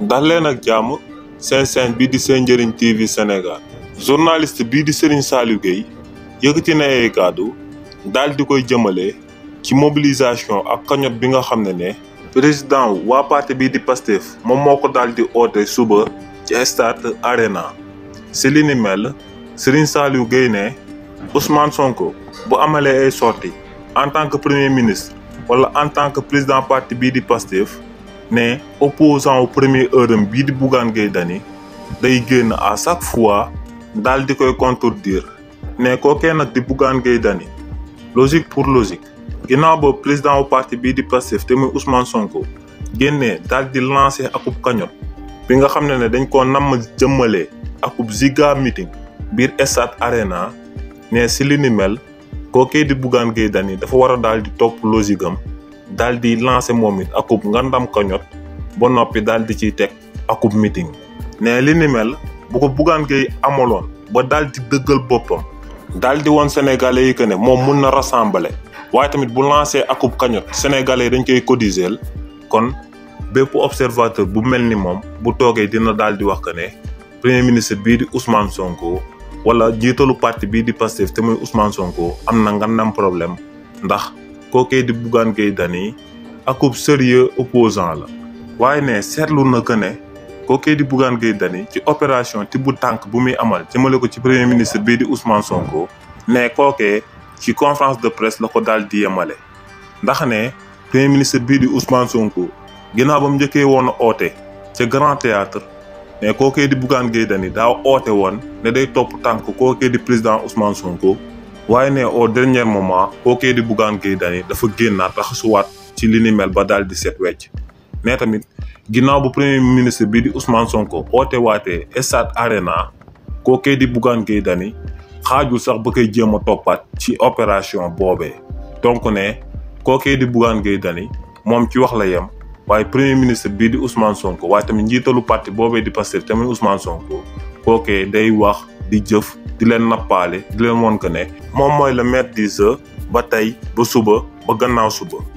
ndax leen ak jàmm seen seen bii di seen njëriñ TV Sénégal journaliste bii di Serigne Saliou Gueye yëkkati na ay kàddu daal di koy jëmale ci mobilisation ak cagnotte bi nga xam ne ne président waa parti bii di Pastef moom moo ko daal di oote suba ci stade Arena si li ni mel Serigne Saliou Gueye ne Ousmane Sonko bu amalee ay sorti en tant que premier ministre wala en tant que président parti bii di Pastef ne opposant au premier heure bii di Bougane Gueye Dany day génn à chaque fois daal di koy contredire ne kookee nag di Bougane Gueye Dany logique pour logique ginnaaw ba président wu parti bii di Pastef te muy Ousmane Sonko génnee daal di lancé akub cagnotte bi nga xam ne ne dañ koo namm jëmmalee akub ziga meeting biir Stade Arena ne si li ni mel kookee di Bougane Gueye dafa war a daal di topp logique am dal di lancer momit akup akub ngandam koñot bo nopi dal di ci tek akub meeting ne li ni mel bu ko bugan gay amolon, ba dal di deugal bopom dal di won sénégalais yi ke ne mom mën na rassembler waye tamit bu lancer akub kañot sénégalais dañ koy codiser kon bepp observateur bu melni mom bu toge dina dal di wax ke ne premier ministre bi di Ousmane Sonko wala jitalu parti bi di Pastef te moy Ousmane Sonko am ngandam problème ndax kookee di Bougane Gueye Dany akub sérieux opposant la waaye ne seetlu na que ne kookee di Bougane Gueye Dany ci opération ti bu tànk bu muy amal jëmale ko ci premier ministre bii di Ousmane Sonko ne kookee ci conférence de presse la ko daal di yemale ndax ne premier ministre bii di Ousmane Sonko ginnaaw ba mu njëkkee woon a oote ca Grand Théâtre ne kookee di Bougane Gueye Dany daa oote woon ne day topp tànk kookee di président Ousmane Sonko waaye ne au dernier moment kookee di Bougane Gueye Dany dafa génnaat raxasuwaat ci li ni mel ba daal di set wecc mais tamit ginnaaw bu premier ministre bi di Ousmane Sonko oote waatee Stade Arena kookee di Bougane Gueye Dany xaajul sax ba koy jéem a toppaat ci opération boobee donc ne kookee di Bougane Gueye Dany moom ci wax la yem waaye premier ministre bii di Ousmane Sonko waaye tamit njiitalu parti boobee di Pastef tamit Ousmane Sonko kookee day wax di jëf di leen nappaale di leen woon que ne moom mooy le maître du jeu ba tey ba suba ba gannaaw suba.